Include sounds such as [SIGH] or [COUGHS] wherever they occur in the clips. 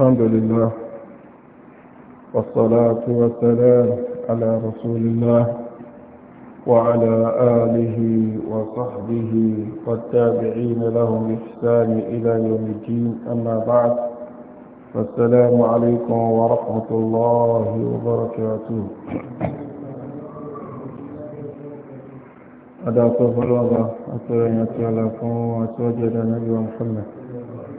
الحمد لله والصلاة والسلام على رسول الله وعلى آله وصحبه والتابعين لهم إحسان إلى يوم الدين أما بعد فالسلام عليكم ورحمة الله وبركاته أدعى صفر الله أتوى أن يتعلى فهو أتوجد نبي محمد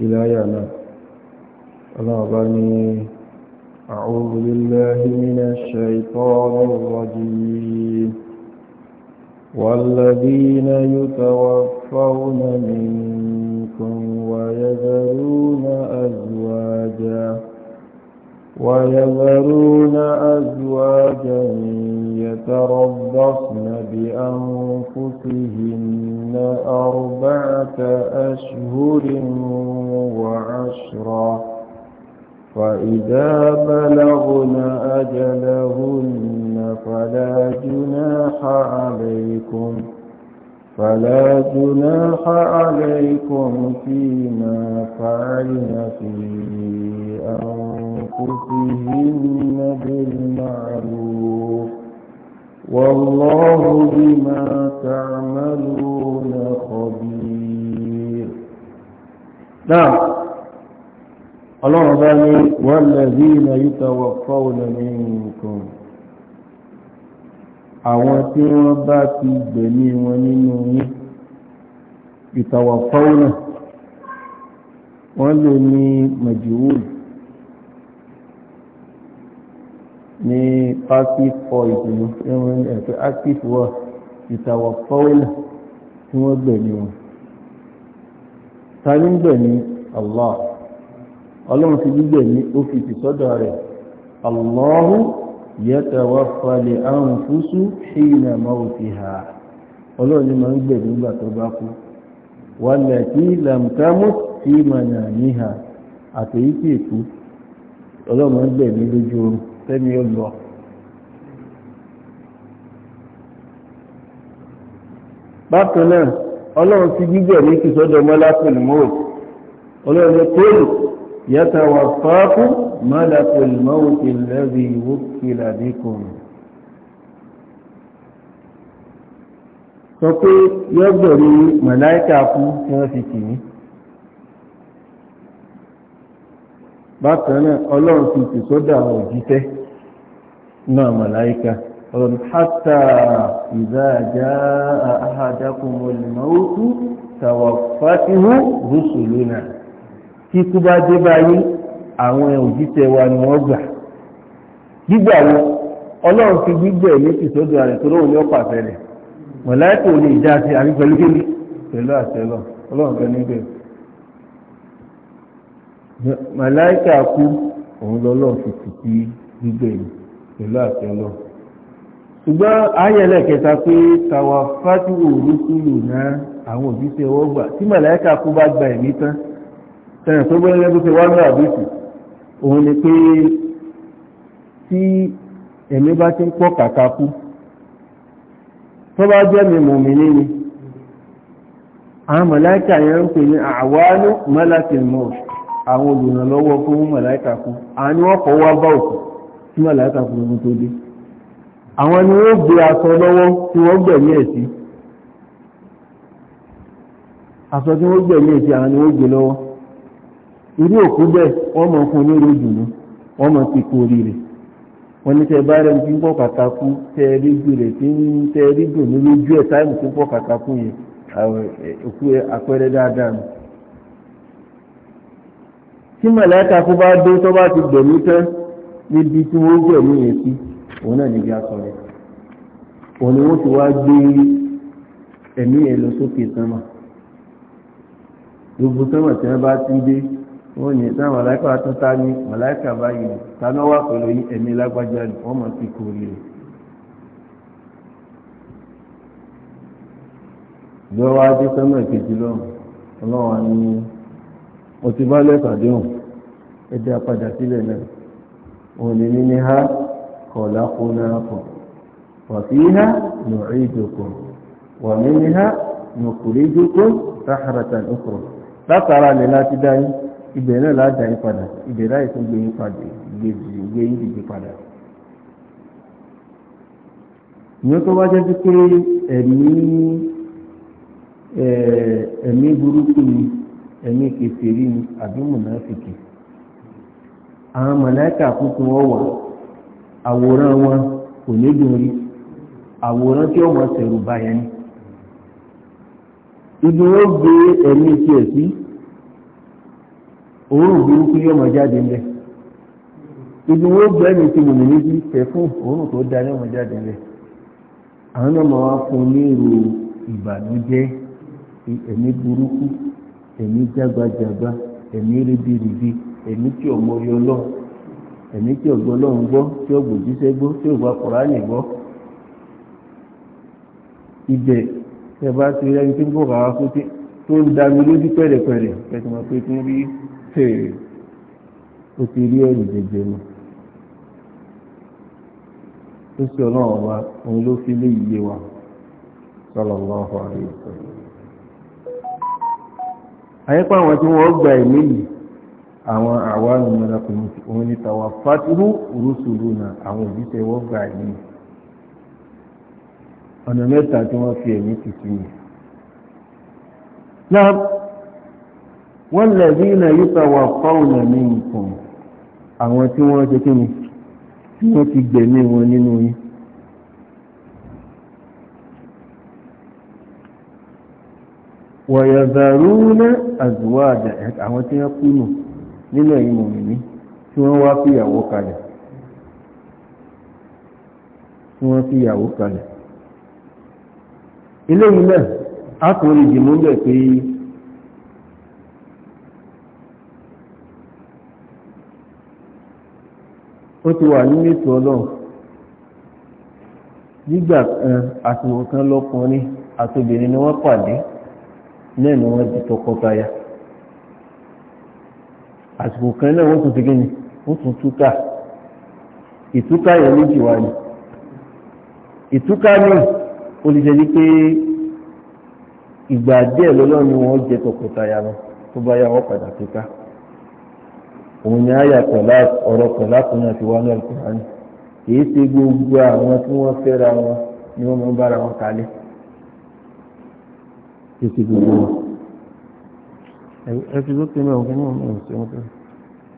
إلى náà ọlọ́ọ̀bá أعوذ بالله من الشيطان الرجيم والذين يتوفون منكم ويذرون أزواجا ويذرون أزواجا يتربصن بأنفسهن أربعة أشهر وعشرا فإذا بلغن أجلهن فلا جناح عليكم فلا جناح عليكم فيما فعلن في أنفسهن بالمعروف والله بما تعملون خبير نعم الله بني والذين يتوفون منكم àwọn tí wọ́n bá ti gbẹ̀mí wọn nínú yín ìtàwà fọ́ọ̀nà wọ́n lè ní màjúwùlù ní passive voice ní ẹ̀wọ̀n ẹ̀fẹ́ active word ìtàwọ̀ fọ́wẹ́lẹ̀ tí wọ́n gbẹ̀mí wọn ta ní gbẹ̀mí allah ọlọ́run ti gbígbẹ̀mí ó fi sọ́dọ̀ rẹ̀ allahu yatawaffa li anfusu hina mawtiha ọlọ́run ni máa lam ọlọ́run tẹ́mi ó lọ bákan náà ọlọ́run ti gbígbẹ̀ ní kìsọ́dọ̀ mọ́lápẹ̀lú mọ́rò ọlọ́run ló tóòlù yàtà wà fáákú mọ́lápẹ̀lú mọ́rò ti lẹ́rìí ìwó kìlà dínkùn sọ pé yọ́gbẹ̀rún màláìkà fún tí wọ́n fi kì bákan ọlọ́run fi sọ́dọ̀ àwọn náà màláíkà ọlọ́run hátà ìdájá àhàdákùn olùmọ̀ọ́tú kí kú bá dé àwọn wa ni wọ́n gbà gbígbà wọn ọlọ́run fi gbígbẹ̀ ní ìsọ́dọ̀ rẹ̀ tó lóun ní ọ̀pá àfẹ́rẹ̀ màláíkà ò lè já sí àrí kéde pẹ̀lú ọlọ́run fẹ́ níbẹ̀ màláìkà kú òun lọ́lọ́run fi tì sí gbígbẹ̀yìn pẹ̀lú àti ọlọ́run ṣùgbọ́n ayẹ̀lẹ̀ kẹta pé tàwa fátíwò rúkúlù náà àwọn òbíṣẹ́ ọwọ́ gbà tí màláìkà kú bá gba ẹ̀mí tán tẹ̀yìn tó gbọ́dọ̀ bí ṣe wá ní àbíkù òun ni pé tí ẹ̀mí bá ti ń pọ̀ kàkà kú tó bá jẹ́ mi mùmínì ni àwọn màláìkà yẹn ń pè ní àwálú mọ́lá ti mọ̀ àwọn olùrànlọ́wọ́ kó mú màláìkà kú àwọn ni wọ́n kọ́ wá bá òkú tí màláìkà tó dé àwọn ni gbé aṣọ lọ́wọ́ tí wọ́n gbẹ̀mí ẹ̀ àwọn ni wọ́n gbé lọ́wọ́ irú òkú wọ́n mọ̀ fún onírò wọ́n mọ̀ wọ́n ní tẹ́ ti ń pọ̀ kàkàkú rẹ̀ ń ní lójú ẹ̀ tí mọ̀lẹ́ta kó bá dé tó bá ti gbẹ̀mí tán níbi tí wọ́n gbẹ̀mí yẹn sí òun náà níbi asọ̀rẹ́ òun ni wọ́n ti wá gbé ẹ̀mí ẹ̀ lọ sókè sánmà gbogbo sánmà tí wọ́n bá ti dé wọ́n ní sáà màláìka tó ta ní màláìka báyìí táná wà pẹ̀lú ẹ̀mí lágbájá wọ́n mọ̀ sí kórè rẹ̀. gbọ́wọ́ adé sánmà kejì lọ́wọ́ ọlọ́wọ́ ni. mo ti bá lẹ́sàdéhùn ẹjẹ́ apadà sílẹ̀ náà ni ní ha kọ̀ọ̀lá kó náà pọ̀ wàfí ha nù rí ìjòkó wà mí ní ha nù kùrí ìjòkó sáhàràtà ìkọ̀rọ̀ látara lè láti dáyé ibẹ̀ náà láàdá yín padà ibẹ̀ láì tún gbé yín padà gbé yín dìde padà. tó pé ẹ̀mí ẹ̀mí kèfèrí ni àbí mùnáfìkì àwọn màláíkà kúkú wọn àwòrán wọn kò ní dùn rí àwòrán tí wọn sẹ̀rù báyẹn ni ibi wọn gbé ẹ̀mí tiẹ̀ sí òórùn burúkú yóò jáde ńlẹ̀ ibi wọn gbé ẹ̀mí ti mùmìnì òórùn tó da yóò máa jáde ńlẹ̀ àwọn náà wá fún un ní èmi jágbajàgba èmi ribiribi èmi tí ò mọ yọ lọ èmi tí ò gbọ́ lọ́hùn gbọ́ tí ò gbòjíṣẹ́ gbọ́ tí ò gbà kùránì gbọ́ ibẹ̀ tẹ bá ti rẹ́ ní tí ń bọ̀ kàwá kó tó ń dami lójú pẹ̀rẹ̀pẹ̀rẹ̀ ẹ̀sìn mọ̀ pé tí ń rí fèrè ó ti rí ẹ̀rù jẹjẹ nù ó sì ọlọ́run wa òun ló fi lé iye wa sallallahu alaihi wasallam àyípa àwọn tí wọ́n gba ìlú yìí àwọn àwọn ìmọ̀lápẹ̀ òun ni tàwa fatihu rúṣùlù na àwọn òbítẹ́ wọ́n gba ìlú yìí ọ̀nà mẹ́ta tí wọ́n fi ẹ̀mí tìtì yìí náà wọ́n lẹ̀bí na yípa wà fáwọn ẹ̀mí nǹkan àwọn tí wọ́n ṣe kí ni tí wọ́n ti gbẹ̀mí wọn nínú yìí wọ̀yọ̀zàrúnà àzùwájà àwọn tí wọ́n kúnnù nínú ẹ̀yìn mọ̀mìnì tí wọ́n wá fìyàwó kalẹ̀ kalẹ̀ ilé yìí a jìmúlẹ̀ pé ó ti wà ètò nígbà kan kan àtòbìnrin ni wọ́n pàdé náà ni wọ́n di tọkọtaya àsìkò kan náà wọ́n tún ti gíní wọ́n tún túká ìtúká yẹn méjì wá ni ìtúká náà ó lè jẹ́ ìgbà díẹ̀ lọ́lọ́run ni wọ́n jẹ tọkọtaya lọ tó bá yà wọ́n padà túká òun ni àyà pẹ̀lá ọ̀rọ̀ pẹ̀lá kan náà ti wá náà kùránì kì í ṣe gbogbo àwọn tí wọ́n fẹ́ra wọn ni wọ́n máa bára wọn kalẹ̀. kí sí gbogbo ẹ ti ló tẹ́lẹ̀ òun ní ọ̀nà ìṣẹ́ wọn tẹ́lẹ̀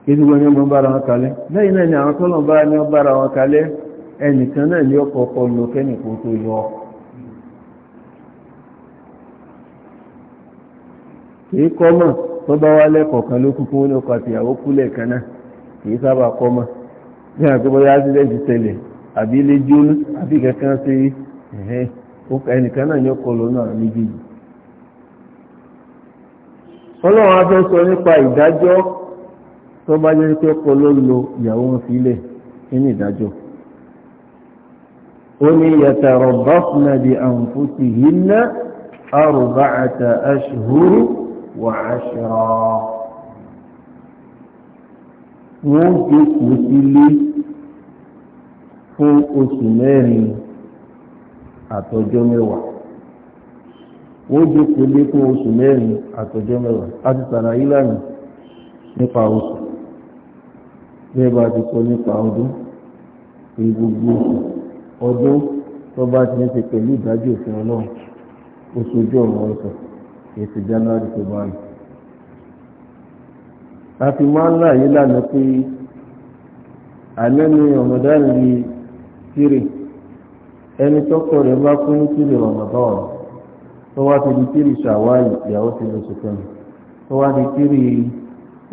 kí sí gbogbo ní ọmọ bára wọn kalẹ̀ lẹ́yìn náà ni àwọn tọ́lọ̀ ní ọ bára wọn ẹnìkan náà ní ọkọ̀ ọkọ̀ lọ tó kìí tó bá wá lẹ́kọ̀ọ́ kan ló kúlẹ̀ kan náà kìí sábà sílẹ̀ ti tẹ̀lẹ̀ àbí jóná àbí kankan sí ẹnìkan náà ní ọkọ̀ lọ náà ọlọ́run afẹ́ sọ nípa ìdájọ́ tó bá jẹ́ pé ọkọ ló lo ìyàwó ń filẹ̀ nínú ìdájọ́ ó ní yatarabbasna bi anfusihinna arba'ata ashhur wa 'ashra wọ́n jókòó sílé fún oṣù mẹ́rin àtọjọ́ mẹ́wàá ó jókòó lé fún oṣù mẹ́rin àtọjọ́ mẹ́wàá láti sàlàyé lánàá nípa oṣù bẹ́ẹ̀ bá ti sọ nípa ọdún pé gbogbo ọdún tó bá ti ń ojú ọ̀rọ̀ ọ̀sọ̀ èsì january tó bá a ti máa ń láàyè lánàá pé ni tìrì ẹni tọ́kọ rẹ̀ bá kú tìrì tó wá ti di kiri ṣàwáyì ìyàwó ti lọ sí fẹ́mi tó wá di kiri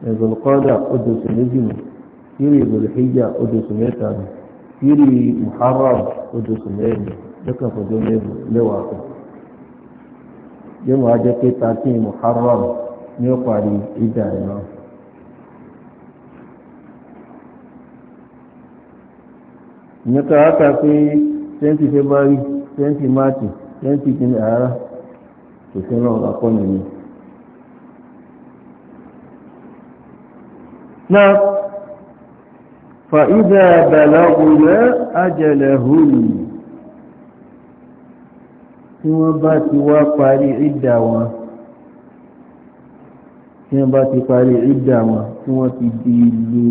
ẹ̀zọ̀lùkọ́dà odòsù méjì mi kiri ìbòlùhíjà odòsù mẹ́ta mi kiri muharram odòsù mẹ́rin lọ́kàn fọjọ́ mẹ́wàá kan yóò wá jẹ́ pé tàkì muharram ní ó parí ìjà ẹ̀ náà. ìyẹn ká wá kà pé twenty february twenty march twenty kìíní òfin ọlọ́run bá kọ́yàn ni. náà fàídà bàlágùnlẹ̀ ajẹ̀lẹ̀hùn tí wọ́n bá ti wá parí ìdà wọn tí wọ́n bá ti parí ìdà wọn tí wọ́n ti di ìlú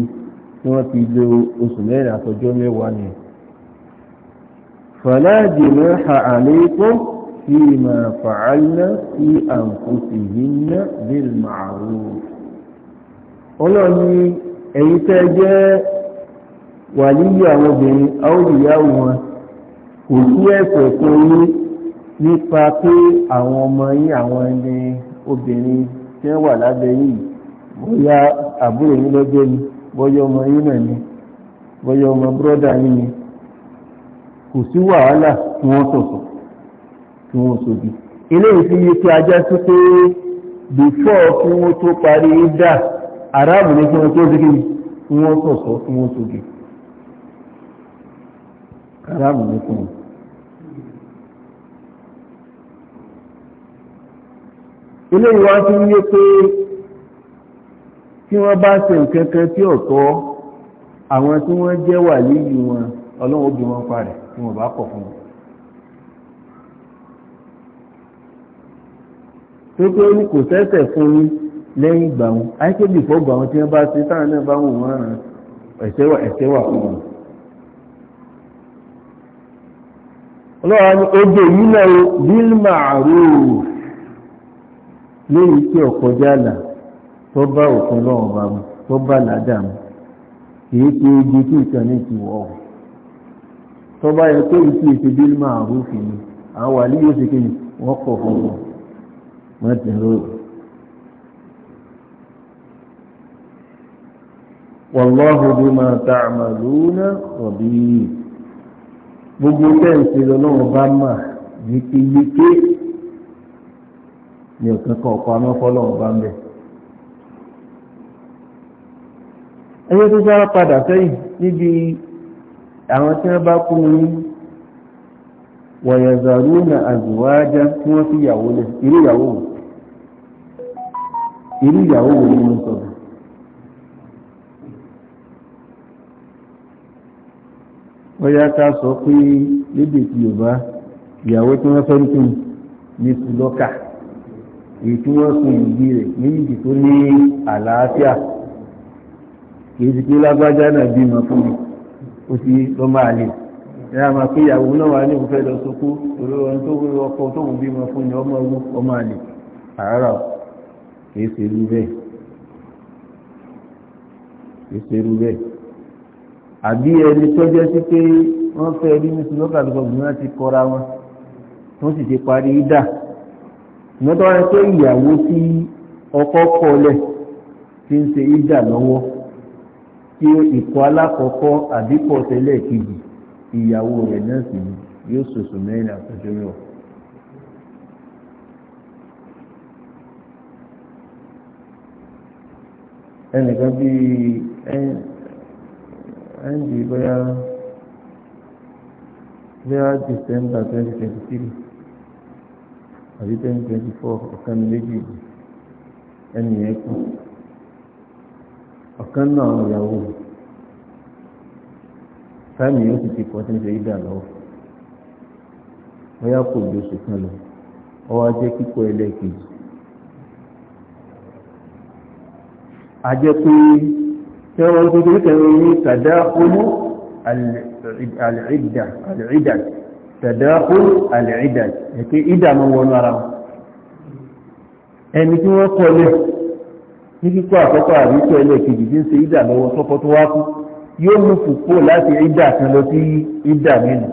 tí wọ́n ti lo oṣù mẹ́rin àtọjọ́ mẹ́wàá ni fàlájì mẹ́ha àlékún فيما فعلنا في أنفسهن بالمعروف ọlọ́ni èyí tẹ́ jẹ́ wà níyí àwọn obìnrin àwòrìyá wọn kò sí ẹ̀sẹ̀ fún yí nípa pé àwọn ọmọ yí àwọn ẹni obìnrin tí wọ́n wà lábẹ́ yìí bóyá àbúrò yín lọ́jọ́ ni bóyá ọmọ yín náà ni bóyá ọmọ búrọ́dà yín ni kò sí wàhálà tí wọ́n sọ̀tọ̀ kí wọ́n sobi eléyìí fi yé kí ajá sí pé before kí wọ́n tó parí dà aráàbù ní kí wọ́n tó zigi kí wọ́n sọ̀sọ̀ kí wọ́n sobi aráàbù ní kí wọ́n. eléyìí wá fi yé pé tí wọ́n bá ṣe nǹkan kan tí ọ̀tọ̀ àwọn tí wọ́n jẹ́ wà líyìí wọn ọlọ́run ó wọn parẹ̀ tí wọ́n bá kọ̀ fún wọn. tó pé ó ní kò sẹ́sẹ̀ fún yín lẹ́yìn ìgbà wọn àìké bìfọ́ gbà wọn tí wọ́n bá ṣe táwọn náà bá wù wọ́n rán ẹ̀sẹ̀wà ẹ̀sẹ̀wà fún wọn. ọlọ́run ni oge yìí náà o bíl màrúù lẹ́yìn tí ọ̀kọjá àlà tó bá òfin náà bá mu tó bá làádà mu kìí ṣe ojú tí ìtàn ní ti wọ̀ ọ́ tó bá yẹ kó ìtì ìṣe bíl màrúù fún mi àwọn wàlíyò ṣe wọ́n pọ̀ fún wọn má dúró. wallahu bima ta'maluna khabir gbogbo tẹ́ǹsì lọ́wọ́ bá mà yékéyéké ní ọ̀kan kan ọ̀pọ̀ anáfọ́lọ́wọ́ bá ń bẹ̀. ẹyẹ tó sára padà sẹ́yìn níbi àwọn tí wọ́n bá kú ní wọ̀yẹ̀zàrú na àzùwájá tí wọ́n fi yàwó lẹ̀ irú ìyàwó wọn irú ìyàwó wo ni wọ́n sọ bóyá ká sọ pé lédè tí yorùbá ìyàwó tí wọ́n fẹ́ ń tún ní sùlọ́kà èyí tí wọ́n sun ìdí rẹ̀ méjì tó ní àlàáfíà kìí sì pé lágbájá náà bímọ fún mi ó ti lọ́ máa lè ẹ̀rọ àmà pé ìyàwó náà wà ní òfẹ́ lọ sókó orí ọ̀run tó wúwo ọkọ̀ tó wù bímọ fún ni ọmọ àlè àárọ̀ kìí ṣe irú bẹ́ẹ̀ kìí ṣe irú bẹ́ẹ̀ àbí ẹni tó jẹ́ sí pé wọ́n fẹ́ rí ní sinọ́kà tó gbọ́n láti kọ́ra wọn wọ́n sì ti parí dà mọ́tò wọn pé ìyàwó tí ọkọ kọlẹ̀ ti ń ṣe ìdà lọ́wọ́ tí ìkọ́ alákọ̀ọ́kọ́ àbíkọ̀ tẹ́lẹ̀ kejì ìyàwó rẹ̀ náà sì yóò ṣoṣù mẹ́rin àtọ́jú mẹ́wàá. ẹnìkan bí eni bóyá bóyá december twenty twenty three àbí twenty twenty four ọ̀kan méjì ẹnì yẹn kú ọ̀kan náà ìyàwó táìmì yóò ti kọ́ tí ṣe ìdá lọ́wọ́ bóyá kò kan lọ ọwọ́ àjẹ́ pé tẹ́wọ́n tó tó tẹ̀wọ́ ní tàdáhùlù àlìídà tàdáhùlù àlìídà ẹ̀kẹ́ ìdà mọ́ wọnú ara wọn ẹni tí wọ́n kọ́ lẹ̀ ní kíkọ́ àkọ́kọ́ àríkọ́ ẹlẹ́kejì tí ń ṣe ìdà lọ́wọ́ tọ́kọ́ tó wá kú yóò mú fòpó láti ìdà kan lọ sí ìdà mìíràn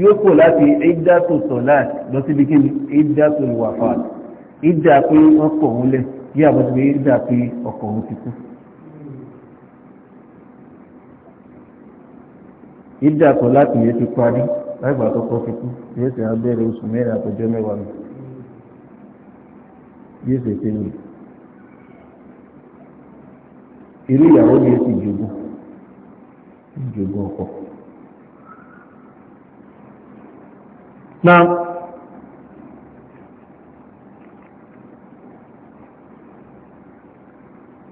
yóò kò láti ìdà tó sọ̀ láti lọ síbi kí ìdà tó lùwàfà ìdà pé wọ́n pọ̀ wúlẹ̀ bí àbọ̀dé yìí dà pé ọkọ̀ òun ti kú. ìdá kan láti yẹ ti parí láìgbà àkọ́kọ́ ti kú yóò sì abẹ́rẹ́ oṣù mẹ́rin àtọjọ́ mẹ́wàá mi yóò sì ṣe mi irú ìyàwó ni yóò sì jogún jogún ọkọ. Now,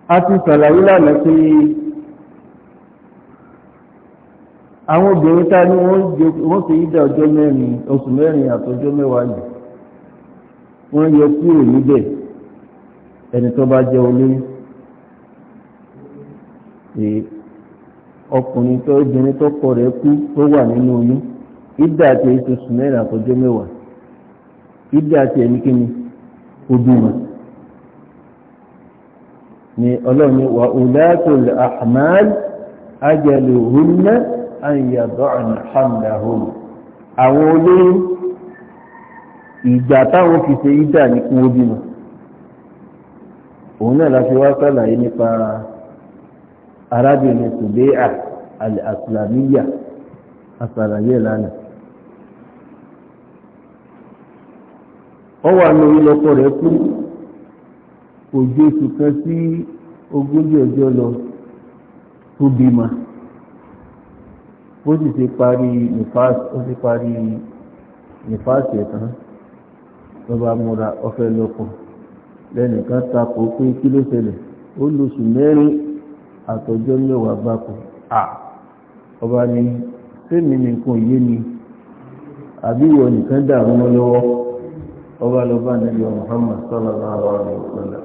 a ti sàlàyé lánàá pé àwọn obìnrin tá ní wọ́n ti yídà ọjọ́ mẹ́rin oṣù mẹ́rin àtọjọ́ mẹ́wàá yìí wọ́n yọ kúrò níbẹ̀ ẹni tó bá jẹ́ olóyún e, ọkùnrin tó obìnrin tó kọ rẹ̀ kú tó wà nínú oyún ìdá àti èyí tó sùn mẹ́rin àtọjọ́ mẹ́wàá ìdá àti ẹni kíni ojú ni ọlọ́run ni wà ulatul ahmal ajaluhunna an yad'na hamlahun àwọn olóyún ìgbà táwọn fi ṣe ìdá ní kún ó bímọ òun náà láti wá sàlàyé nípa arábìnrin tùbẹ́à al-aslamiyya àsàlàyé lánàá ó wà ní orí lọ́kọ rẹ̀ kú kò ju oṣù kan sí ogójì ọjọ́ lọ tó bímọ bó sì ṣe parí nífàsì ó sì parí nífàsì ẹ̀tàn lọ́ba múra ọ̀fẹ́ lọ́kọ̀ lẹ́nìkan takò pé kí ló ṣẹlẹ̀ ó lóṣù mẹ́rin àtọjọ́ mẹ́wàá à ọba ni sẹ́mi nìkan yé ni àbí ìwọ nìkan dààmú lọ́wọ́ ọba lọ́ba nàìjíríà Muhammad sallallahu wa sallam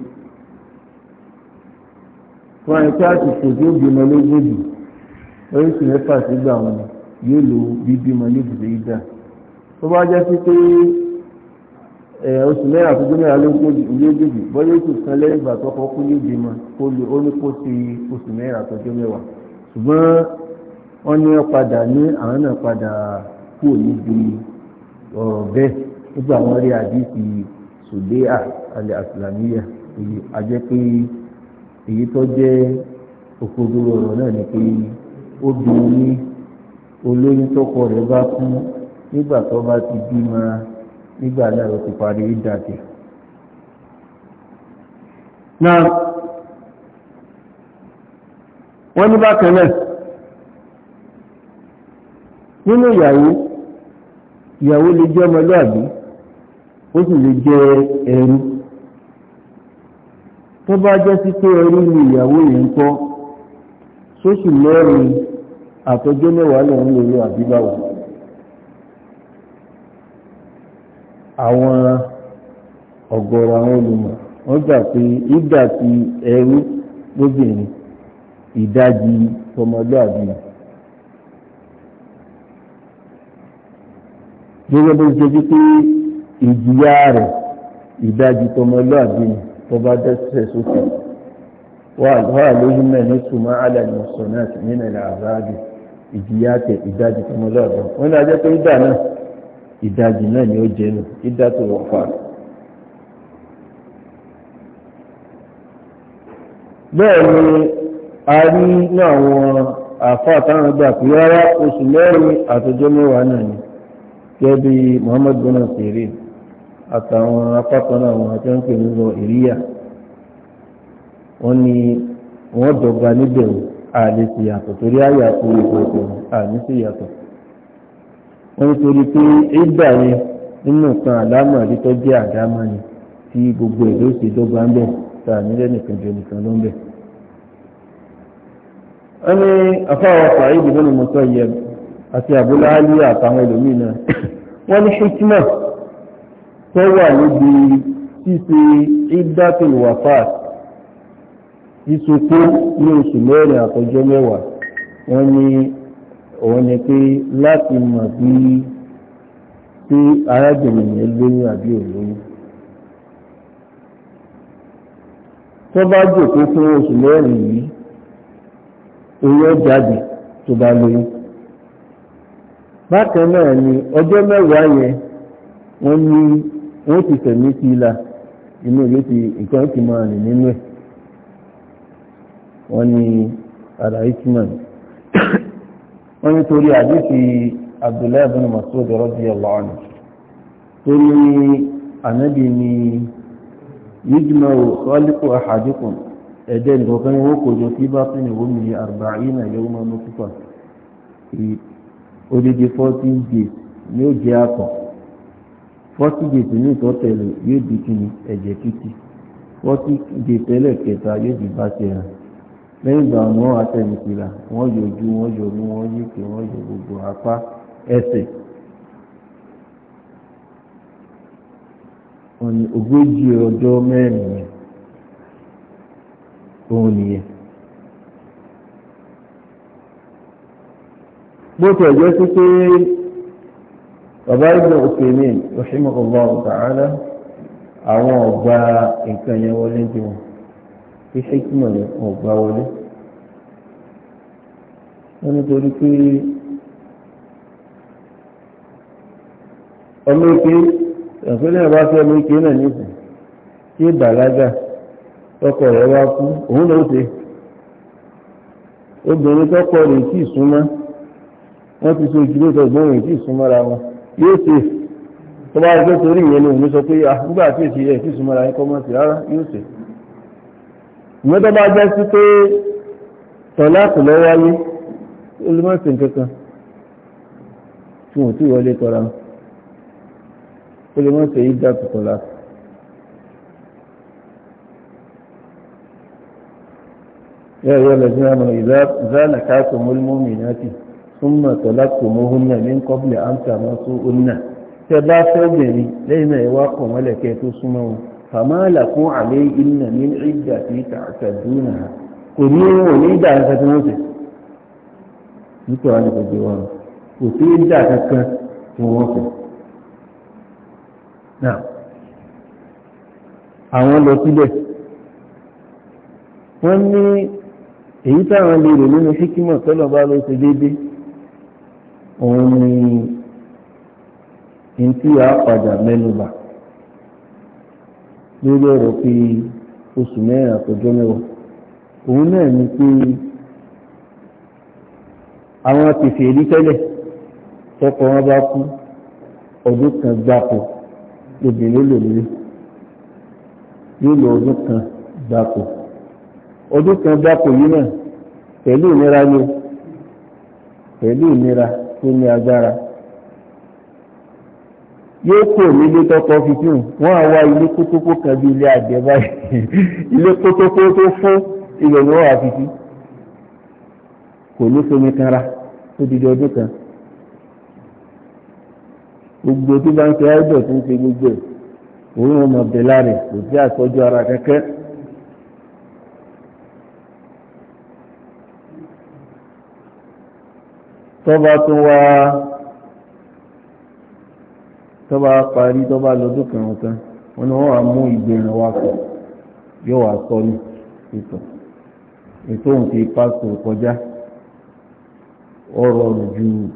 wọ́n ẹni pé àsìkò tí ó bímọ lógójì oríṣi mẹ́fà sígbà wọn yóò lo bíbímọ níbùdó ìdá tó bá jẹ́ sí pé oṣù mẹ́rin àti gómìnà lógójì bọ́yá oṣù kan lẹ́yìn ìgbà tó kọ́ kú ní ìbímọ kó lo ó ní kó ṣe oṣù mẹ́rin àtọjọ́ mẹ́wàá ṣùgbọ́n wọ́n ní padà ní àwọn náà padà kú níbi ọ̀rọ̀ bẹ́ẹ̀ nígbà wọn rí àdìsí sùdéà alẹ́ àsìlámíyà àjẹpé èyí tó jẹ́ òkodoro ọ̀rọ̀ náà ni pé obìnrin ní olóyún tọkọ rẹ̀ bá kú nígbà tó bá ti bímọ nígbà náà ló ti parí ìdàtẹ̀. náà wọ́n ní bákan náà nínú ìyàwó ìyàwó lè jẹ́ ọmọlúàbí ó sì lè jẹ́ ẹrú tó bá jẹ́ sí pé ẹrú ni ìyàwó yìí ń kọ́ sóṣù mẹ́rin àtọjọ́ mẹ́wàá lẹ̀ ń lórí àbíbáwò àwọn ọ̀gọ̀rọ̀ àwọn olùmọ̀ wọ́n gbà pé ìgbà tí ẹrú lóbìnrin ìdajì ọmọlúàbí gẹ́gẹ́ bó ṣe pé ìjìyà rẹ̀ ìdajì ọmọlúàbí ni tó bá dẹ́sẹ̀ sókè wà lóyún náà ní túmọ̀ alàlùmọ̀sán náà sì nínú ìlà àbáàdì ìjìyà tẹ ìdajì tó mọ lọ́dọ̀ wọn ní ajẹ́ pé ìdá náà ìdajì náà ni ó jẹ nù ìdá tó wọ̀ fà. bẹ́ẹ̀ ni a rí ní àwọn àfa táwọn gbà pé rárá oṣù mẹ́rin àtọjọ́ mẹ́wàá náà ni gẹ́gẹ́ bí Muhammad bọ́nà sèré àtàwọn apákan àwọn àtẹ́ǹkè ń lọ ìríyà wọ́n ní wọ́n dọ̀gba níbẹ̀ o àlè sí yàtọ̀ torí àyà tori ìkọ̀ọ̀kọ̀ àní sí yàtọ̀ wọ́n ń torí pé ìgbà yẹn nínú kan àdámọ̀ àdítọ́ jẹ́ àdámọ̀ ni tí gbogbo èdè ó sì dọ́gba ń bẹ̀ tá a nílẹ̀ nìkan ló ń bẹ̀. afáwọn tó wà níbi ṣíṣe ìdátul wafat ìsopó ní oṣù mẹ́rin àtọjọ́ mẹ́wàá wọ́n ní òun ni pé láti mọ̀ bí tí arábìnrin yẹn lóyún àbí òlóyún tó bá jòkó fún oṣù mẹ́rin yìí owó jáde tó bá lóyún bákan náà ni ọjọ́ mẹ́wàá yẹn wọ́n ní wọ́n ti tẹ̀mí sí ilá inú yóò ti nǹkan ti máa rìn nínú ẹ̀ wọ́n ní ara isman wọ́n ní torí àdífi abdullahi bin masud radiyallahu anhu tó ní ànábì ni yíjúmọ̀ ọlípò àhàdìkùn ẹ̀dẹ́ ìgbọ̀kan wọ́n kò jọ sí bá tún ìwò mi arba'ina yawman nutfa odidi 14 days ni ó jẹ́ àtọ̀ fọ́tí gèètì ní ìtọ́tẹ̀lẹ̀ yóò di kíni ẹ̀jẹ̀ títì fọ́tí gèètì ẹlẹ́kẹta yóò di bá ti hàn lẹ́yìn ìgbà wọn wọ́n atẹnukìlà wọ́n yọ ojú wọ́n yọ mú wọ́n yí pé wọ́n yọ gbogbo apá ẹsẹ̀ wọ́n ní ogójì ọjọ́ mẹ́rin yẹn òun nìyẹn. bó tẹ̀ jẹ́ sí pé bàbá ibn Uthaymeen rahimahullahu ta'ala àwọn ọgbà nǹkan yẹn wọlé jù wọn kí ṣékìmọ̀ yẹn ọgbà wọlé wọ́n nítorí pé ọmọ ike ìpínlẹ̀ bá fẹ́ ọmọ ike náà nìkan tí ìbàlágà tọkọ rẹ̀ wá kú òun ló ṣe obìnrin tọkọ rẹ̀ tí ì súnmọ́ wọ́n ti so ìdílé tọgbọ́n rẹ̀ tí ì súnmọ́ ra wọn yóò ṣe tó bá rí pé torí ìyẹn lòun sọ pé àgbúgbà tí èsì ẹ̀ fìsùn mọ́ra ẹ̀kọ́ mọ́ sí rárá yóò ṣe ìwọ́n tó bá jẹ́ sí pé tọ̀láàkù lọ wáyé olùmọ̀sìn kankan tí wọ́n ti wọlé tọ́ra olùmọ̀sìn yìí dàtú tọ̀láàkù يا أيها الذين آمنوا إذا زال كاكم المؤمنات ثم طلقتموهن من قبل أن تمسوهن تبا فوجري لين يواقم ولك تسمو فما لكم عليهن من عدة تعتدونها قلوا وليد أن تتموت nítorí àwọn ìgbẹ̀wọ̀n kò sí ìdá kankan tí wọ́n fẹ́. náà àwọn lọ síbẹ̀ wọ́n ní èyí táwọn lè rò nínú síkímọ̀ tọ́lọ̀ bá lọ sí déédéé òun ni ntí a padà mẹ́nuba lórí ọ̀rọ̀ pé oṣù mẹ́rin àtọjọ́ mẹ́wàá òun náà ni pé àwọn àtìfì èrí tẹ́lẹ̀ tọ́kọ wọn bá kú ọdún kan gbapò lóbìnrin lòmìnir yóò lọ ọdún kan gbapò ọdún kan gbapò yìí náà pẹ̀lú ìnira ni pẹ̀lú ìnira tó ní agbára yóò kò nílé tọkọ fi tún wọn àwa ilé kótópó kan bí ilé àgbẹ̀ báyìí [LAUGHS] ilé kótópó tó fún ibẹ̀ ni wọ́n wà fi sí kò ní fomi kan ra tó di ọdún kan gbogbo tó bá ń ṣe ẹ́dọ̀ tó ń ṣe gbogbo òun ọmọ bẹ̀ láre kò sí àtọ́jú ara kẹ́kẹ́. tó bá tún wá tó bá parí tó bá lọ́dún kan ọ̀tán wọn ni wọ́n wá mú ìgbéran wá kọ̀ yóò wá sọ ní ètò ètò òun ti pásítọ̀ kọjá ọ̀rọ̀ ọ̀rọ̀ ju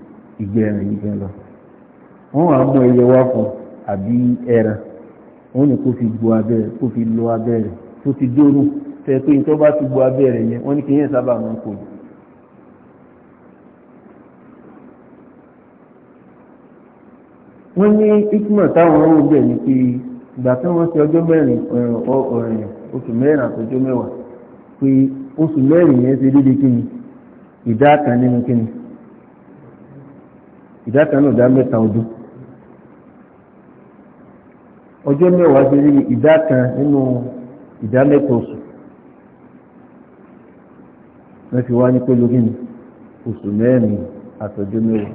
ìgbéran yìí gan lọ wọ́n wá mú ẹyẹ wá fún àbí ẹran wọ́n ní kó fi gbo abẹ́rẹ́ kó fi lo abẹ́rẹ́ tó ti dóró tẹ́ pé tó ti gbo abẹ́rẹ́ yẹn wọ́n ní kí yẹn sábà máa kò yìí wọ́n ní ikmọ̀ táwọn ọ̀rọ̀ bẹ̀ ni pé ìgbà tí wọ́n ṣe ọjọ́ mẹ́rin ọ̀rìn oṣù mẹ́rin àtọjọ́ mẹ́wàá pé oṣù mẹ́rin yẹn ṣe déédéé kí ni ìdá nínú kí ni ìdá náà dá mẹ́ta ọdún ọjọ́ mẹ́wàá ṣe rí ìdá nínú ìdá oṣù wọ́n fi wá ní pé lórí ni oṣù mẹ́rin àtọjọ́ mẹ́wàá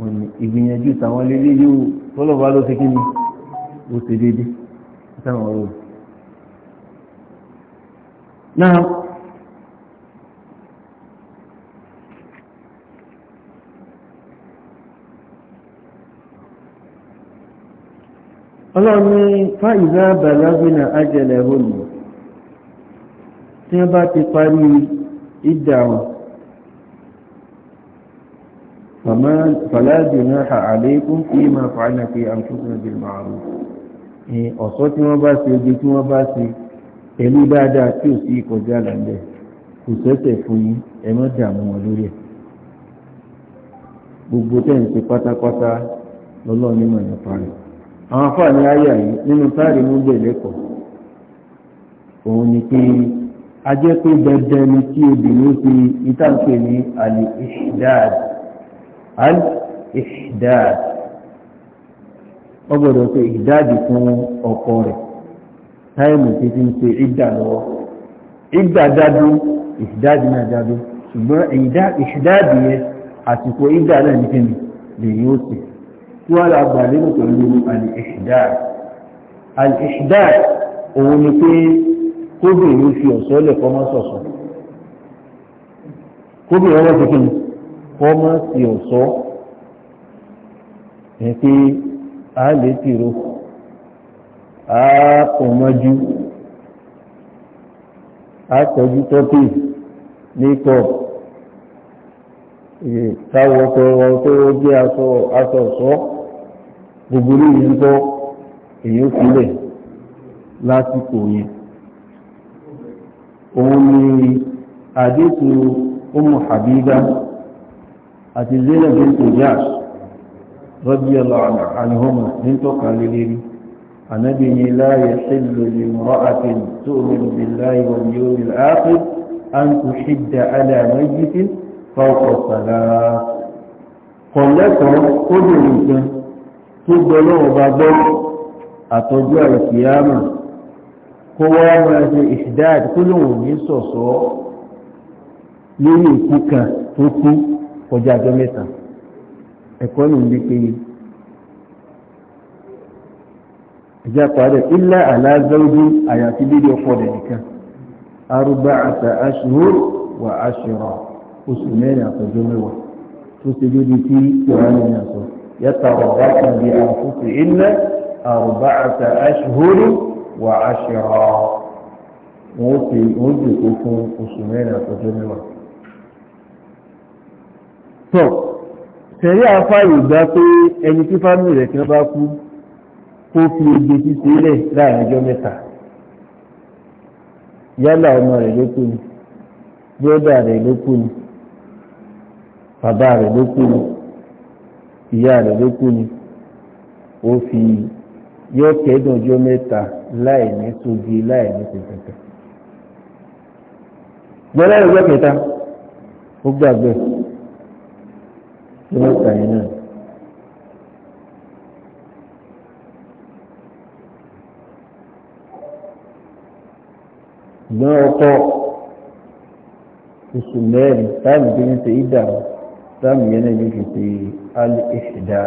wọ́n ni ìgbìyànjú tàwọn lélé yóò tọ́lọ̀bá ló fi kí ni ó ti dédé sáwọn ọ̀rọ̀ náà ọlọ́run ní fáìzá bàlágbìnà ajẹ́lẹ̀ hónì tí wọ́n bá ti parí ìdà فلا جناح عليكم فيما فعلنا في أنفسنا بالمعروف ọ̀sọ́ tí wọ́n bá ṣe ojú tí wọ́n bá ṣe pẹ̀lú dáadáa tí ò sí ìkọjá lálẹ́ kò sẹ́sẹ̀ fún yín ẹ má dààmú wọn lórí ẹ̀ gbogbo tẹ̀ ń ṣe pátápátá lọ́lọ́ nímọ̀ nípa rẹ̀ àwọn afáàní ayà yìí nínú táàrí mú bẹ̀rẹ̀ kọ̀ òun ni pé a pé dandan ni kí obìnrin fi ìtàǹpẹ̀ ní àlè ìṣìdáàdì al-ihdad ó gbọ́dọ̀ pé ìdáàdì fún ọkọ rẹ̀ táìmù tí ti ń pe ìdà lọ́wọ́ ìdà dádú ìdáàdì náà dádú ṣùgbọ́n ìdáàdì yẹn àsìkò ìdà náà ní kíni lèyìn ó sì tí wọ́n la gbà lérò pẹ̀lú al-ihdad kọ́ mọ́ sí ọ̀sọ́ ní pé a lè tìró a ọmọjú a tọ́jú tọ́pì makeup káwọ́ tọrọ tó jẹ́ aṣọ ọ̀sọ́ gbogbo yìí ń tọ́ èyí ó sílẹ̀ lásìkò yẹn òun ni àdékù Ummu Habiba àti Zainab bint Jash radiyallahu anhuma ní tọ́ka lélẹ́rí ànábì ní la yahillu limra'atin tu'minu billahi wal yawmil akhir an tuhidda ala mayyitin fawqa thalath kọ̀lẹ́kọ̀ọ́ ó dèrò nǹkan tó gbọ́ lọ́wọ́ bá gbọ́ àtọ́jú àìsíyámà kó wá máa ṣe ìṣìdáàdì kó lóun ní sọ̀sọ́ lórí ìkú kan tó kú kọjá ọjọ́ mẹ́ta ẹ̀kọ́ ní ilé péye ìjà pàdé ilẹ̀ aláàzọ́jú àyàfi dídí ọkọ̀ rẹ̀ nìkan arúgbá àtà aṣùhùr wà aṣùrọ̀ oṣù mẹ́rin àtọ́jọ́ mẹ́wàá tó ṣe lórí tí ìwà ní àṣọ yàtà ọ̀gá kan di àfúkù ilẹ̀ arúgbá àtà aṣùhùr wà aṣùrọ̀ wọ́n ti wọ́n ti kó fún oṣù mẹ́rin àtọ́jọ́ mẹ́wàá tọ̀ tẹ̀rí àfáàyè gbá pé ẹni tí fámìlì rẹ̀ kan bá kú kó fi oge ṣíṣe lẹ̀ láàrin ọjọ́ mẹ́ta yálà ọmọ rẹ̀ ló kú ni bírọ́dà rẹ̀ ló kú ni bàbá rẹ̀ ló kú ni ìyá rẹ̀ ló kú ni ó fi yóò kẹ́dùn ọjọ́ mẹ́ta láì ní tóbi láì ní tẹ̀tẹ̀tẹ̀ gbọ́dọ̀ ìgbẹ́ kẹta ó gbàgbẹ́ yóò kàn yín náà. ìgbọ́n ọkọ oṣù mẹ́rin táàmù tó ń ṣe ìdá táàmù yẹn náà yóò fi ṣe alẹ́ṣẹ̀dá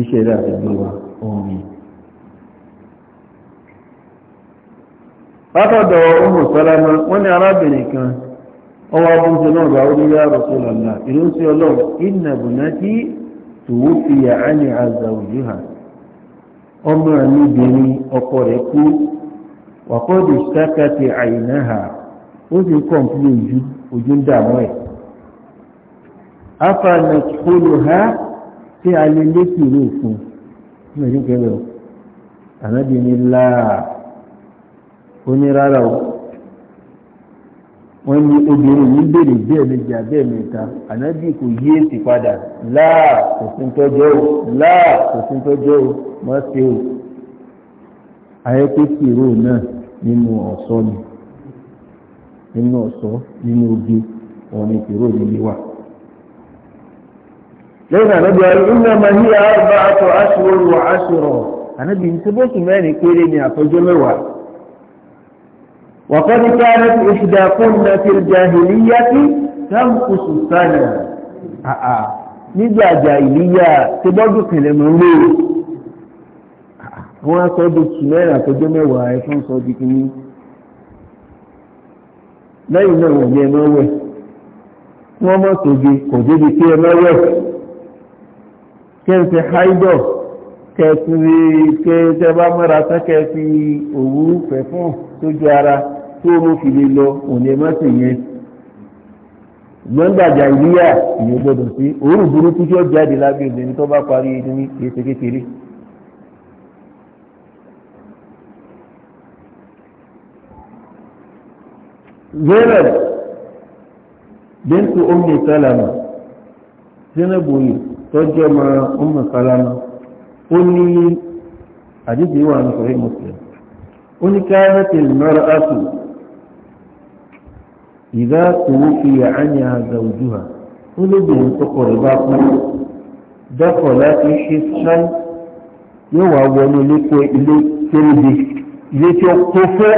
ìṣẹ̀dá àdúgbò wa omi. látọ̀dọ̀ ọmọ sọ́lámà wọ́n ní arábìnrin kan ọwọ́ abúlé náà bá orí yá rọ̀sọ̀lọ̀lá ìlú sí ọlọ́run iná bùnátí tòwó fi yà á ní àzà hàn ọmọ mi ọkọ rẹ̀ kú wàkọ́dù sákàtì àìná hà ó sì kọ̀ǹpúlù ojú ojú ń dààmú ẹ̀. ha tí a lè lékè ìlú òfin ní ọdún ànábìnrin láà ó ní rárá o. wọ́n ní obìnrin yìí béèrè bẹ́ẹ̀ méjì abẹ́ mẹ́ta ànábì kò yí èsì padà láà kò fún tọ́jọ́ o láà kò fún tọ́jọ́ o má ṣe o ayẹ́pẹ́ kìrò náà nínú ọ̀ṣọ́ ni nínú ọ̀ṣọ́ nínú oge ọ̀nà ìkìrò nílé wà. lẹ́yìn ànábì ọ̀rọ̀ máa ní àárọ̀ bá aṣọ aṣọ olùwà aṣọ ànábì ní sẹ́bọ̀sùn mẹ́rin péré ni àtọ́jọ́ mẹ́wàá وقد كانت إحداكن في الجاهلية تنقص السنة nígbà jàìlíyà tí bọ́dún kẹlẹ̀ mọ́ ló wọ́n sọ di tù mẹ́rin àtọ́jọ́ mẹ́wàá ẹ̀ fún sọ di kìíní lẹ́yìn náà wọ̀n ní ẹ mọ́wẹ̀ tí wọ́n mọ́ sóge kò débi tí ẹ mọ́wẹ̀ kí ẹ ń ṣe háídọ̀ kẹfìrí kẹsẹ bá mọ́ra tán kẹfì òwú fẹ̀fún sójú ara tí ó mú fi lè lọ òní mọ́sìn yẹn gbọ́ndàjà ìlíyà ìyẹn gbọ́dọ̀ sí òórùn burúkú tí ó jáde lábẹ́ obìnrin tó bá parí ní kéṣe kékeré. zainab bintu ummi salama zainab oye tọ́jú ọmọ ummi ó ní àdíjì wà ní sọ̀rọ̀ muslim ó ní káyọ̀tì lọ́rọ̀ àtù ìdá tòwó fi àányà àzàwùjúhà ó lóbìnrin tó kọ̀ rẹ̀ bá kú dákọ̀ láti ṣe ṣáì yóò wá wọnú ilé kó ilé kéréje ilé tí ó kó fẹ́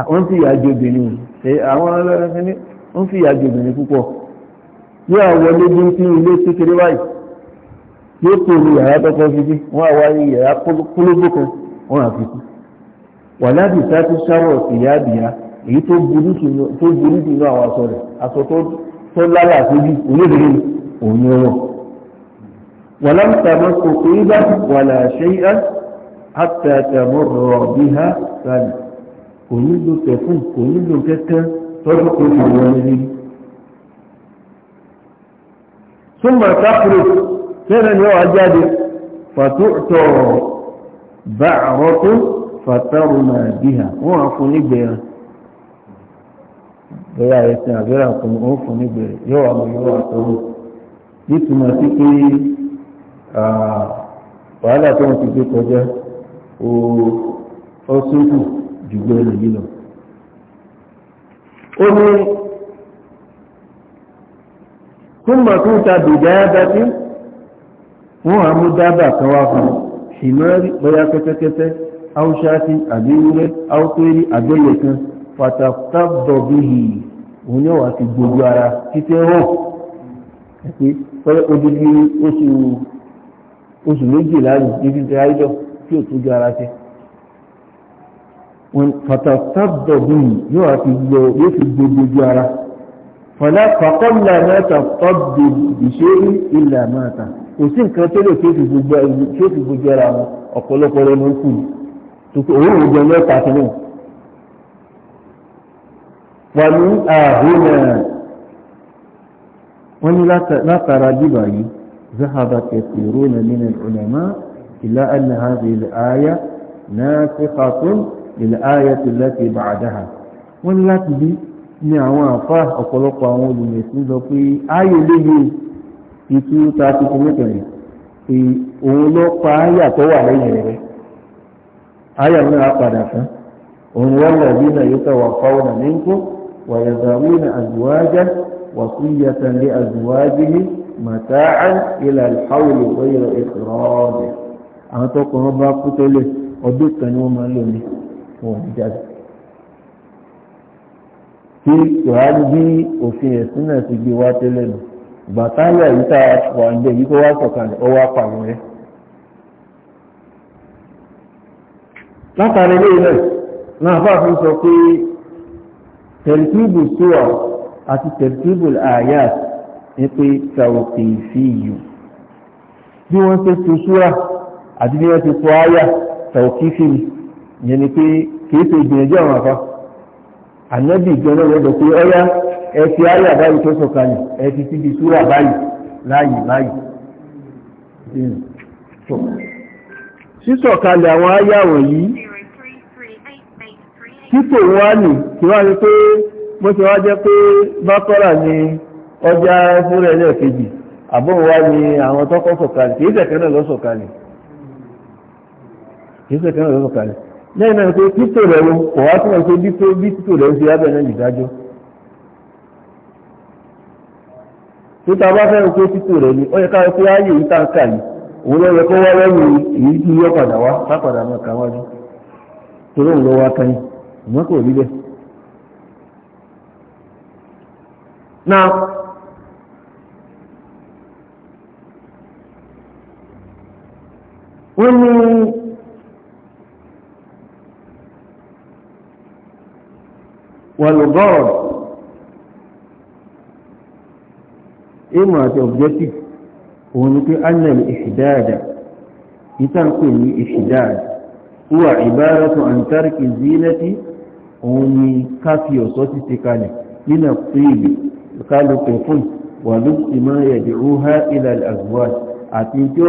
àwọn tí ìyá jobìnrin ṣe àwọn ọlọ́run fi ń fi ìyá jobìnrin púpọ̀ yóò wọlé bí ń fi ilé kékeré báyìí yóò kó omi yàrá tọ́kọ́ fídí wọ́n àwá yàrá kólógbó kan wọ́n àfikú wà láti sáàtú sáwọ̀ ìyá àbíyá èyí tó burú jù lọ àwọn aṣọ rẹ̀ aṣọ tó lára àfojú olóbìnrin òun ọwọ́ wà láǹtà mọ́ kò pé bá wà là ṣe á àtàtà mọ́ rọ̀ bí ha sáré kò nílò tẹ̀fún kò nílò kẹ́kẹ́ tọ́jú kò sì wọ́n rí ثم تخرج bẹ́ẹ̀ ni wọ́n jáde fàtó tọ̀rọ̀ bá àrọ́ tó fàtàrù náà bí hà wọ́n á fún nígbẹ̀rẹ̀ bẹ́ẹ̀ àìsàn àbẹ́rẹ́ àkùn ó fún nígbẹ̀rẹ̀ yóò wà lóyún àtọ́wò nítumọ̀ sí wọ́n á mú dábà kan wá fún ìmọ̀rí bóyá kẹ́tẹ́kẹ́tẹ́ haúṣáàtì àbí wúrẹ́ haúpẹ́rì àbẹ́yẹ kan fàtàkùtàbọ̀bìhì òun yóò wá sí gbogbo ara títẹ́ hàn pé pẹ́lẹ́ odidi oṣù oṣù méjìlá ní ibi yóò wá sí gbogbo ara mẹ́ta tọ́bù ìṣeré ilẹ̀ mẹ́ta kò sí nǹkan tó lè tó fi gbogbo ẹra wọn ọ̀pọ̀lọpọ̀ rẹ̀ ló ń kù tuntun òun ò jẹun lọ́ta tó náà wà ní ààrùn náà wọ́n ní látara bíbà yìí ذهب كثيرون من العلماء إلى أن هذه الآية ناسخة للآية التي بعدها wọ́n ní láti bí ní àwọn àfáà ọ̀pọ̀lọpọ̀ àwọn olùmẹ̀sìn lọ pé ayé léyìí ikú ta ti fi mẹ́tẹ̀ẹ̀rẹ̀ òun ló pa áyà tó wà lẹ́yìn rẹ̀ áyà náà padà tán òun wọ́n lọ bí náà yóò tẹ̀wọ̀ fáwọn náà nínkù wàyàzàwí na àzùwájá wàsíyàtà lé àzùwájí ní màtáà ilà ìfáwọlì wọ́yọ̀ ìfìrọ́ọ̀dẹ̀ àwọn tó kọ́ bá kú tẹ́lẹ̀ ọdún kan ni wọ́n máa ń lò ní wọn jáde tí kòhálí bí òfin ẹ̀sìn náà ti gbé wá tẹ́lẹ̀ nù bata táyà yìí tá a wà ń bẹ yìí kó wá sọ̀kalẹ̀ ó látàrí ilé rẹ̀ náà fàáfin sọ pé tẹ̀lifíbù sùwà àti tẹ̀lifíbù àyà ní pé tàwùkì fìyù bí wọ́n ṣe tu sùwà àti bí wọ́n tu àyà pé kìí ṣe ẹ ti ayé àbáyé tó sọ̀kalẹ̀ ẹ ti síbi súrà báyìí láàyè báyìí sísọ̀kalẹ̀ àwọn ayé àwọn yìí títò wá nì kí wá ní pé bó ti wá jẹ́ pé bákọ́rà ni ọjà fúnrẹ̀ lẹ́ẹ̀kejì àbọ̀n wá ní àwọn tọ́kọ́ sọ̀kalẹ̀ kìí tẹ̀kẹ́ náà lọ sọ̀kalẹ̀ kìí tẹ̀kẹ́ náà lọ sọ̀kalẹ̀ lẹ́yìn náà pé títò rẹ̀ wo kò wá túnmọ̀ pé bí títò rẹ̀ ń fi abẹ́ náà nìdájọ́ títa bá fẹ́ oko títò rẹ̀ ni ó yẹ káwọn pé ayé yìí táǹkà yìí òun ló yẹ kó wá lẹ́nu èyí tí yọ padà wá sápadà máa kà wájú torí òun lọ wá kan yìí kò rí bẹ́ẹ̀. náà wọ́n ní wàlúgọ́rọ̀ aim àti objective òun ni pé annal ìṣìdáàdà ìtànkù ní ìṣìdáàdà wà ìbáratun an tarki zinati òun ni káfí ọ̀sọ́ ti ti kalẹ̀ nínà fíìlì kálùkù fún wà lókè máa yẹ̀dì rúhá ila al-azwaj àti tí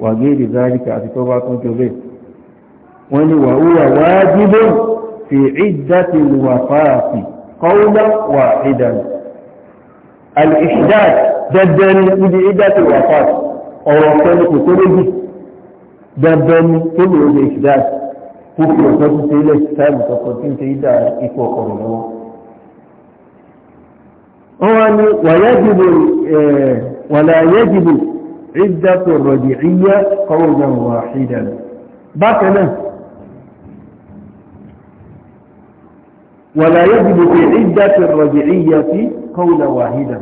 wàgéèrè záríkà àti tó bá tún jọlẹ̀ wọ́n ni wà ó wà wájibó fi ìdáti wà fàáfì kọ́ọ́lá wà ìdàní al-ishdat dandan ni níbi ìdáti wà fàáfì ọ̀rọ̀ sẹ́ni kò tó tó lè ó lè kó fi ọ̀sán tó ṣe ilẹ̀ táìmù tí ń ṣe ìdá ikú ọkọ̀rọ̀ lọ́wọ́ wọ́n wá ní wàyájibò wàlàyájibò عدة الرجعية قولا واحدا بكنا ولا يجب في عدة الرجعية قولا واحدا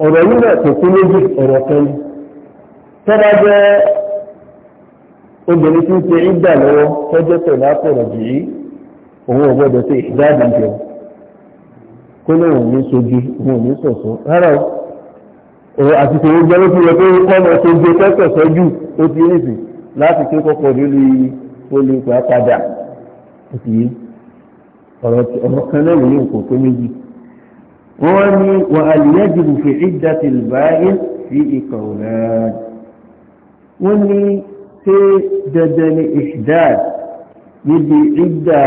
أرأينا تكوني أرأينا ترى obìnrin tí ń ṣe ìdá lọ́wọ́ tọ́jọ́ tẹ̀ látọ̀rọ̀ jì í òun ò gbọ́dọ̀ ṣe ìdáàbò jẹun kó lóun ò ní sojú òun ò ní sọ̀sọ́ rárá o àti tòun jẹ́ ló fi rẹ̀ pé kọ́mọ tó gbé tẹ́tọ̀ sọ́jú ó ti rí sí láti ké kọ́kọ́ lórí olùpẹ̀ padà òtí ọ̀rọ̀ kan náà ní nǹkan tó méjì wọ́n ní wà àlìyájú fi ìdá báyé sí ikọ̀ náà wọ́n ní ṣé dandan ni ìṣdá níbi ìdá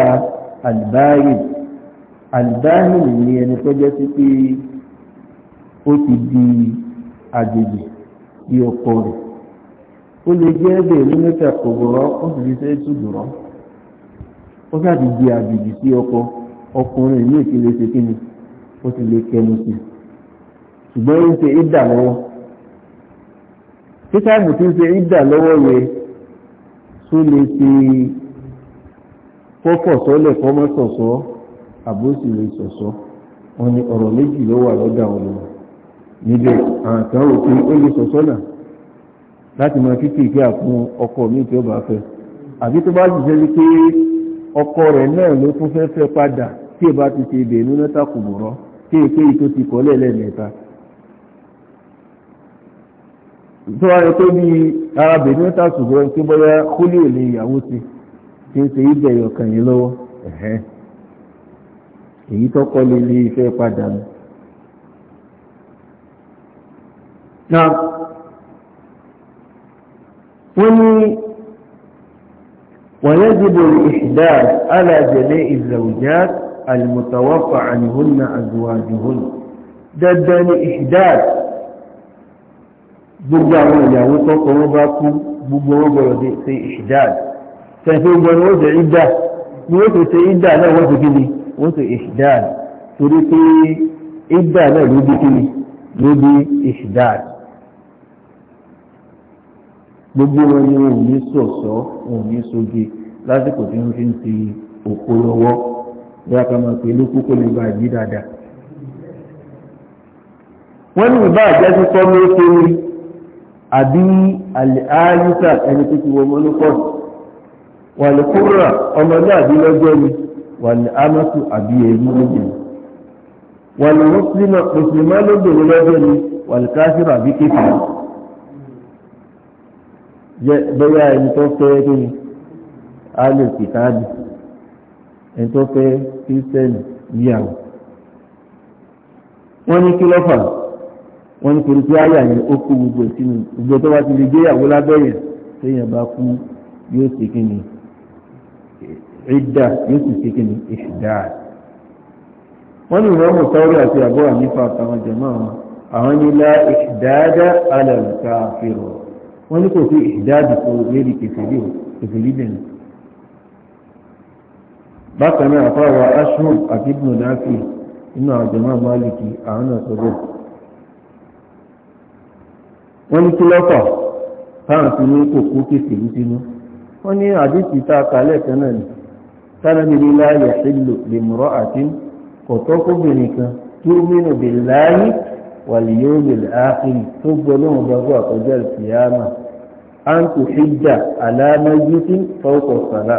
àlìbáyé àlìbáyé ni ẹni tó sí pé ó ti di àjèjì bí ọkọ rẹ̀ ó lè jẹ́ ẹ̀bẹ̀ lómẹ́fẹ̀ kò ọ ó sì lè fẹ́ tù dùrọ̀ ó sáàdì di àjèjì sí ọkọ ọkùnrin ní ìpínlẹ̀ ṣe kí ni ó lè kẹnu sí ṣùgbọ́n ó ń ṣe ìdà lọ́wọ́ ń ṣe ìdà lọ́wọ́ rẹ̀ tó lè fọ́fọ̀ sọ́lẹ̀ fọ́mọ́sọ̀sọ́ sọ̀sọ́ wọn ni ọ̀rọ̀ méjì níbẹ̀ àǹkan rò pé ó lè sọ̀sọ́nà láti mọ títí ìpé àfún ọkọ mi tí ó fẹ́ àbí tó bá ọkọ rẹ̀ náà ló tún fẹ́ fẹ́ padà tí bá ti ṣe ibẹ̀ nínú tàkùbọ̀rọ̀ tí èké ti kọ́ lẹ́lẹ́mẹ̀ta ti náà wọ́n ní ويجب الإحداث على جميع الزوجات المتوفى عنهن أزواجهن ددان إحداث gbogbo àwọn ìyàwó tọ́kọ̀ọ́ bá kú gbogbo ọgbọ̀rọ̀ ṣe ìṣìdáàd tẹ́fẹ́ ìgbọ̀nà ó ṣe ìdá ní ó ṣe ṣe ìdá náà wọ́n ṣe kí ni wọ́n ṣe ìṣìdáàd torí pé ìdá náà ló bí kí ni ló bí ìṣìdáàd gbogbo wọn ni wọn ò ní sọ̀sọ́ wọn ò ní soge lásìkò tí wọ́n fi ń ti òkú lọ́wọ́ bí a kan máa pè lókù kó lè bá a yí dáadáa. wọ́n ní ìbá àjẹ́ sísọ́ ló ṣe rí àbí àyíṣà ẹni tó ti wọ ọmọ ló wà lè kúrò ọmọdé àbí lọ́jọ́ ni wà lè amọ́sù àbí ẹ̀yìn lóde wà lè mùsùlùmá lóde lọ́jọ́ ni wà lè káṣírò àbí kékeré bóyá ẹni tó fẹ́ kí ni alẹ́ kìtàbí ẹni tó fẹ́ kírísítẹ́nì níyàwó wọ́n ní kí lọ́fà wọ́n ní torí pé àyà yẹn ó kú gbogbo ìsinmi gbogbo tó bá ti lè gbéyàwó lábẹ́yẹ̀ téèyàn bá kú yóò ṣe kí ni ìdá yóò sì ṣe kí ni ìṣìdá wọ́n ní ìwọ́n mọ̀sáwórí àti àbúrò ànífà àtàwọn jẹ̀mọ́ àwọn ní lá ìṣìdáadá alẹ́ òǹkà àfihàn wani ní kò sí ìdáàbò tó lérí kẹfìrí kẹfìrí àti ibùdó a inú àjọmọ́ máàlìkì àwọn náà sọ bẹ́ẹ̀ wọ́n ní kí lọ́fà táwọn ti ní kò kó kẹfìrí sínú wọ́n ní àdìsí tá a kalẹ̀ kan náà wàlíyóòlì ààfin tó gbọ́lọ́wọ́ gbàgbọ́ àkọjá ìsìyámà an kò ṣíjà aláàmẹ́jútí fọ́ọ̀kọ̀ sàrà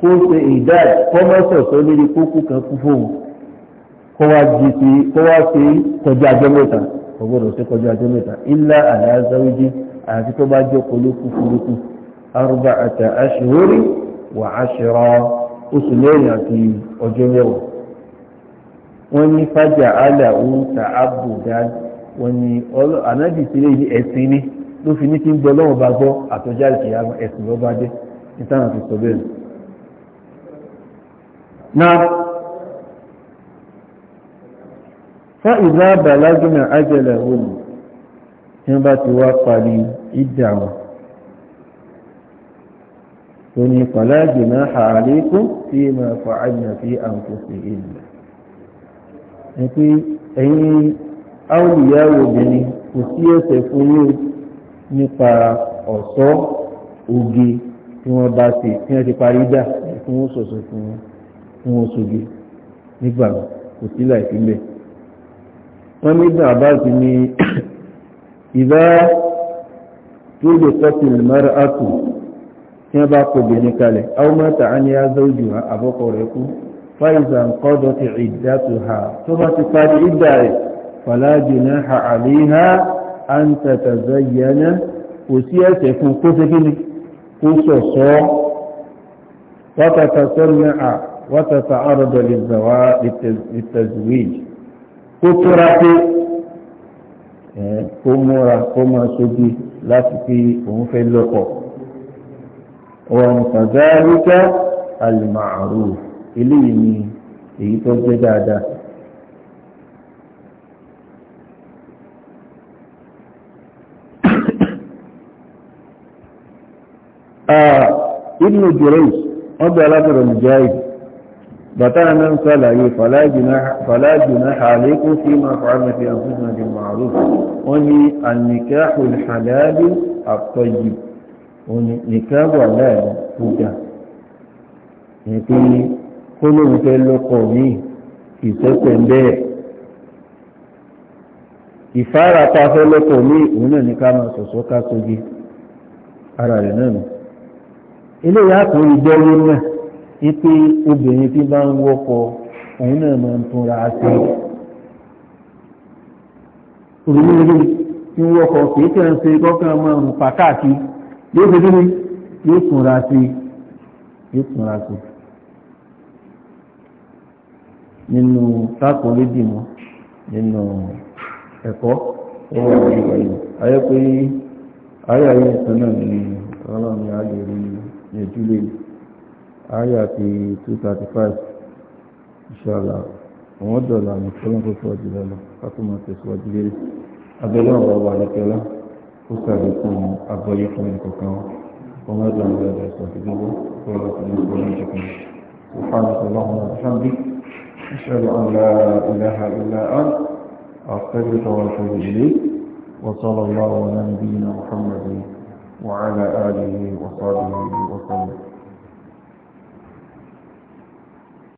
kó ṣe ìdá kọ́mọ́sọ̀ tó lérí kókù kan kú fóun kó wá jí sí kó wá sí kọjá ajọ́ mẹ́ta kò gbọ́dọ̀ sí kọjá ajọ́ mẹ́ta ilá aláàzáwíjí àti tó bá jẹ́ kolókù furuukú arúgbà àtà aṣèwórí wà aṣèrọ oṣù lẹ́yìn àti ọjọ́ mẹ́wàá wọ́n ní fájà àlà òun ta àbùdá wọ́n ní ànábì sílẹ̀ yìí ẹ̀sìn ni ló fi ní kí ń gbọ́ lọ́wọ́ bá gbọ́ àtọ́jà ìkìyà ẹ̀sìn lọ́ba jẹ́ nítorí àti sọ bẹ́ẹ̀ náà fáìlà bàlágùnà ájẹlẹ̀ òun tí wọ́n bá ti wá parí ìjà wọn tó ní pàlágùnà àlékún tí ma fa'alna fi anfusihim ní pé ẹ̀yin áwòlìyáwò obìnrin kò sí ẹ̀ṣẹ̀ fún yóò nípa ọ̀ṣọ́ oge tí wọ́n bá ṣe tí wọ́n ti parí dà fún oṣooṣù fún wọn ṣoge nígbà kò sí láìsí bẹ́ẹ̀. wọ́n ní ibùdó àbáàtì ni ìbá tó lè kọ́tù lùmọ́rọ́ àtù tí wọ́n bá kọ obìnrin kalẹ̀ áwòmọ́ta á ní azọ́ òjò àbọ́kọ̀ rẹ̀ kú فإذا انقضت عدتها ثم تقال عدة فلا جناح عليها أن تتزين وسيأتي فوق كتكين قصصا وتتسمع وتتعرض للزواج للتزويج قطرة إيه، كمرة كمرة سجي لا تفي ومفلقه وكذلك المعروف eléyìí ni èyí tó jẹ́ dáadáa. [COUGHS] Ah, ibnu jureis ọgbà alábẹ̀rẹ̀ mujahid bàtà náà ń sàlàyé fàlájùná àlékún sí máa fàánà fi àfúnà di màárù wọ́n ni àníkáhù hàlálì àtọ́yì òní nìkáhù aláàrí tó kó lóun fẹ́ lọ́kọ̀ mi ìtẹ́sẹ̀ lọ́kọ̀ òun náà ní ká máa sọ̀sọ́ ká sóge ara rẹ̀ náà nù eléyìí àkùnrin ìgbẹ́wó náà wípé obìnrin tí bá ń wọ́kọ̀ òun náà máa ń túnra sí nínú tákùnrin dìmọ́ nínú ẹ̀kọ́ tó wà ní ìwọ̀nyí ayé pé ayé ayé ìtàn náà ni ọlọ́run a lè rí ìjúlé ayé àti 235 inshallah àwọn dọ̀là àmì fọ́lọ́n tó sọ jùlọ lọ fátúmọ̀ tẹ̀síwájú lé abẹ́lẹ́ ọ̀rọ̀ wà lẹ́kẹ́lá ó sàlékún àgbọ́yé fún ẹnìkọ̀ọ̀kan ọmọ أشهد أن لا إله إلا أنت أستغفرك وأتوب إليك وصلى الله على نبينا محمد وعلى آله وصحبه وسلم